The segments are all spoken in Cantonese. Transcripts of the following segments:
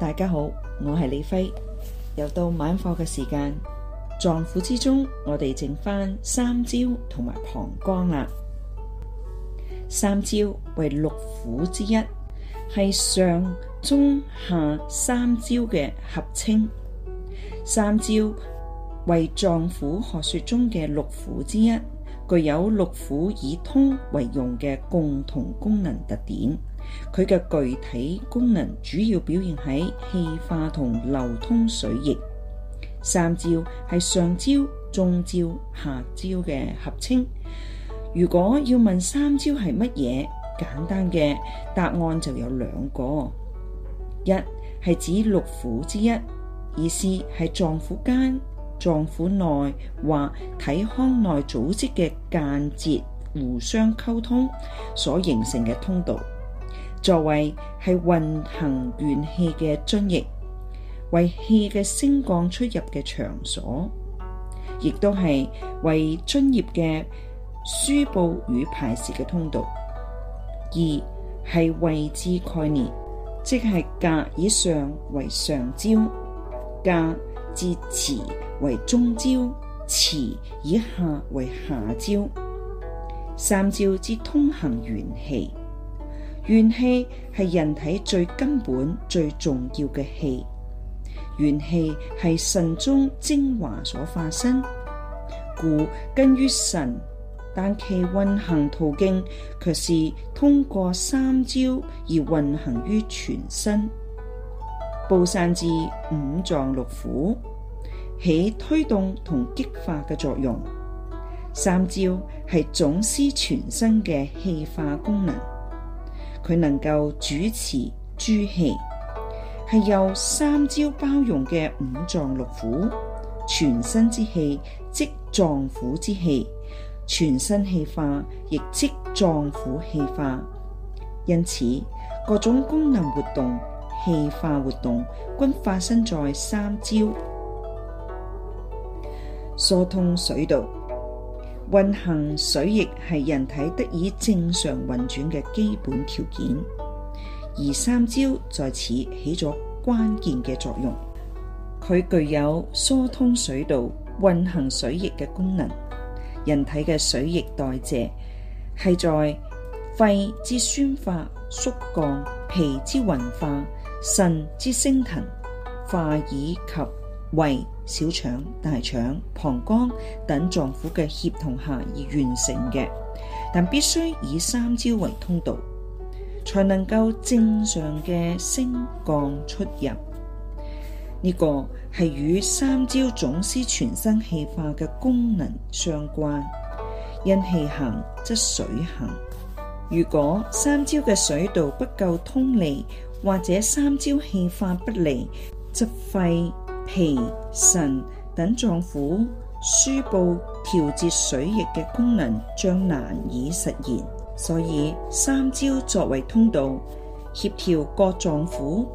大家好，我係李輝，又到晚課嘅時間。臟腑之中，我哋剩返三焦同埋膀胱啦。三焦為六腑之一，係上中下三焦嘅合稱。三焦為臟腑學說中嘅六腑之一，具有六腑以通為用嘅共同功能特點。佢嘅具體功能主要表現喺氣化同流通水液。三焦係上焦、中焦、下焦嘅合稱。如果要問三焦係乜嘢，簡單嘅答案就有兩個，一係指六腑之一，意思係臟腑間、臟腑內或體腔內組織嘅間接互相溝通所形成嘅通道。作為係運行元氣嘅津液，為氣嘅升降出入嘅場所，亦都係為津液嘅輸布與排泄嘅通道。二係位置概念，即係隔以上為上焦，隔至臍為中焦，臍以下為下焦。三焦至通行元氣。元氣係人體最根本、最重要嘅氣。元氣係腎中精華所化身，故根於腎，但其運行途徑卻是通過三焦而運行於全身，布散至五臟六腑，起推動同激化嘅作用。三焦係總司全身嘅氣化功能。佢能夠主持諸氣，係由三焦包容嘅五臟六腑，全身之氣即臟腑之氣，全身氣化亦即臟腑氣化，因此各種功能活動、氣化活動均發生在三焦，疏通水道。運行水液係人體得以正常運轉嘅基本條件，而三焦在此起咗關鍵嘅作用。佢具有疏通水道、運行水液嘅功能。人體嘅水液代謝係在肺之宣化、肅降、脾之運化、腎之升騰、化以及胃。小腸、大腸、膀胱等臟腑嘅協同下而完成嘅，但必須以三焦為通道，才能夠正常嘅升降出入。呢個係與三焦總司全身氣化嘅功能相關。因氣行則水行，如果三焦嘅水道不夠通利，或者三焦氣化不利，則肺。脾、腎等臟腑輸布調節水液嘅功能將難以實現，所以三焦作為通道，協調各臟腑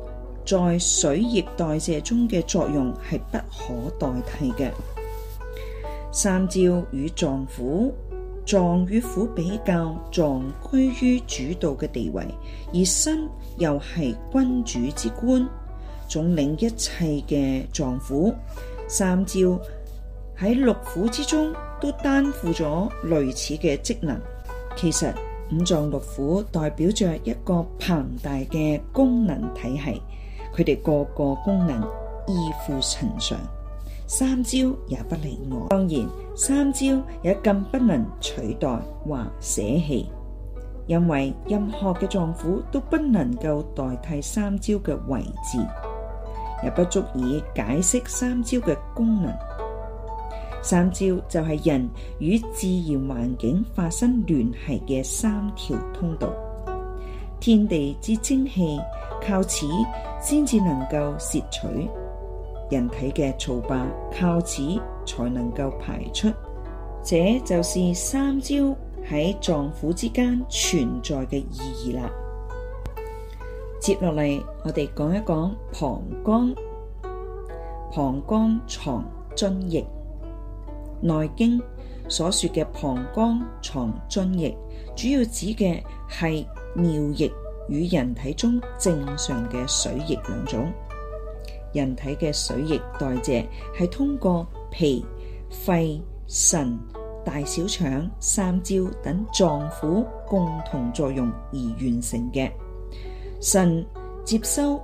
在水液代謝中嘅作用係不可代替嘅。三焦與臟腑，臟與腑比較，臟居於主導嘅地位，而心又係君主之官。總領一切嘅臟腑，三焦喺六腑之中都擔負咗類似嘅職能。其實五臟六腑代表着一個龐大嘅功能體系，佢哋個個功能依附尋常，三焦也不例外。當然，三焦也更不能取代或捨棄，因為任何嘅臟腑都不能夠代替三焦嘅位置。又不足以解釋三焦嘅功能。三焦就係人與自然環境發生聯繫嘅三條通道，天地之精氣靠此先至能夠攝取，人體嘅糟粕靠此才能夠排出，這就是三焦喺臟腑之間存在嘅意義啦。接落嚟，我哋講一講膀胱。膀胱藏津液，《內經》所說嘅膀胱藏津液，主要指嘅係尿液與人體中正常嘅水液兩種。人體嘅水液代謝係通過脾、肺、腎、大小腸、三焦等臟腑共同作用而完成嘅。腎接收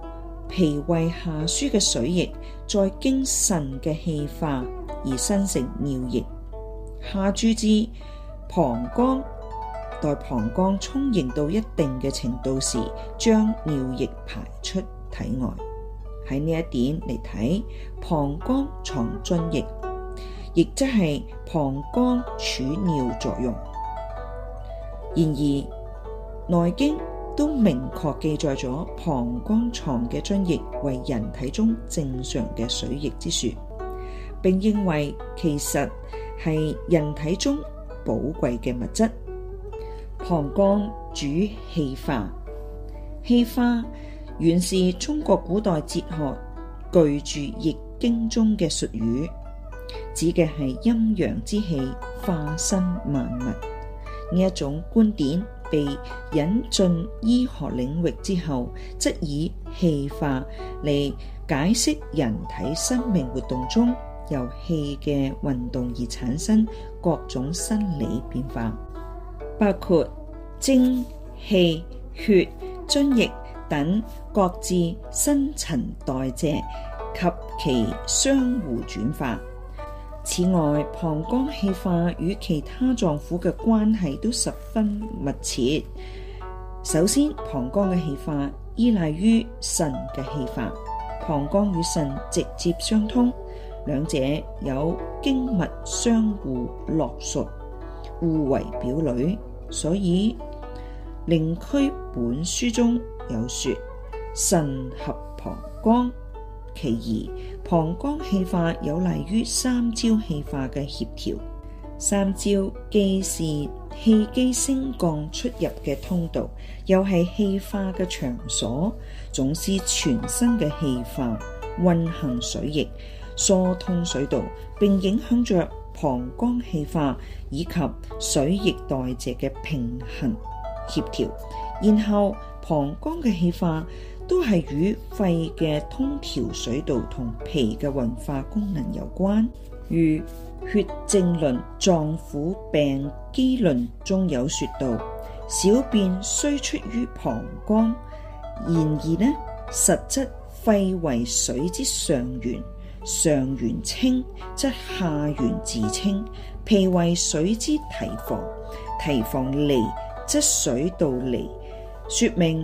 脾胃下輸嘅水液，再經腎嘅氣化而生成尿液，下注至膀胱。待膀胱充盈到一定嘅程度時，將尿液排出體外。喺呢一點嚟睇，膀胱藏津液，亦即係膀胱儲尿作用。然而《內經》都明確記載咗膀胱藏嘅津液為人體中正常嘅水液之說，並認為其實係人體中寶貴嘅物質。膀胱主氣化，氣化原是中國古代哲學巨著《易經》中嘅術語，指嘅係陰陽之氣，化身萬物呢一種觀點。被引進醫學領域之後，則以氣化嚟解釋人體生命活動中由氣嘅運動而產生各種生理變化，包括精、氣、血、津液等各自新陳代謝及其相互轉化。此外，膀胱氣化與其他臟腑嘅關係都十分密切。首先，膀胱嘅氣化依賴於腎嘅氣化，膀胱與腎直接相通，兩者有經脈相互絡屬，互為表裏。所以，靈樞本輸中有說：腎合膀胱。其二，膀胱氣化有賴於三焦氣化嘅協調。三焦既是氣機升降出入嘅通道，又係氣化嘅場所，總是全身嘅氣化、運行水液、疏通水道，並影響着膀胱氣化以及水液代謝嘅平衡協調。然後，膀胱嘅氣化。都係與肺嘅通調水道同脾嘅運化功能有關，如《血證論》《臟腑病機論》中有說道：小便雖出於膀胱，然而呢實質肺為水之上源，上源清則下源自清；脾為水之堤防，堤防利則水道利，說明。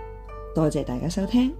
多謝大家收聽。